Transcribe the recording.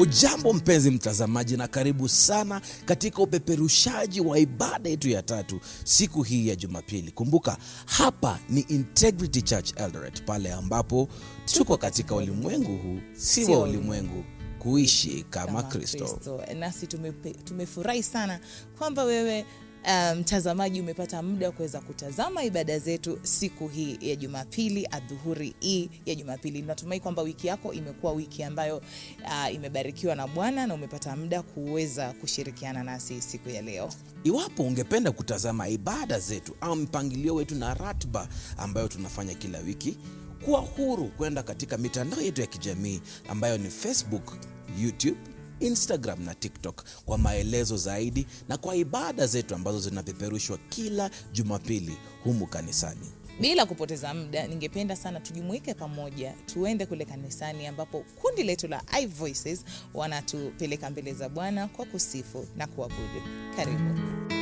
Ujambo mpenzi mtazamaji, na karibu sana katika upeperushaji wa ibada yetu ya tatu siku hii ya Jumapili. Kumbuka hapa ni Integrity Church Eldoret, pale ambapo tuko katika ulimwengu huu, si wa ulimwengu kuishi kama, kama Kristo. Nasi tumefurahi tume sana kwamba wewe Eh, mtazamaji um, umepata muda kuweza kutazama ibada zetu siku hii ya Jumapili, adhuhuri hii ya Jumapili. Natumai kwamba wiki yako imekuwa wiki ambayo uh, imebarikiwa na Bwana na umepata muda kuweza kushirikiana nasi siku ya leo. Iwapo ungependa kutazama ibada zetu au mpangilio wetu na ratiba ambayo tunafanya kila wiki, kuwa huru kwenda katika mitandao yetu ya kijamii ambayo ni Facebook, YouTube Instagram na TikTok kwa maelezo zaidi na kwa ibada zetu ambazo zinapeperushwa kila Jumapili humu kanisani. Bila kupoteza muda, ningependa sana tujumuike pamoja, tuende kule kanisani ambapo kundi letu la iVoices wanatupeleka mbele za Bwana kwa kusifu na kuabudu. Karibu.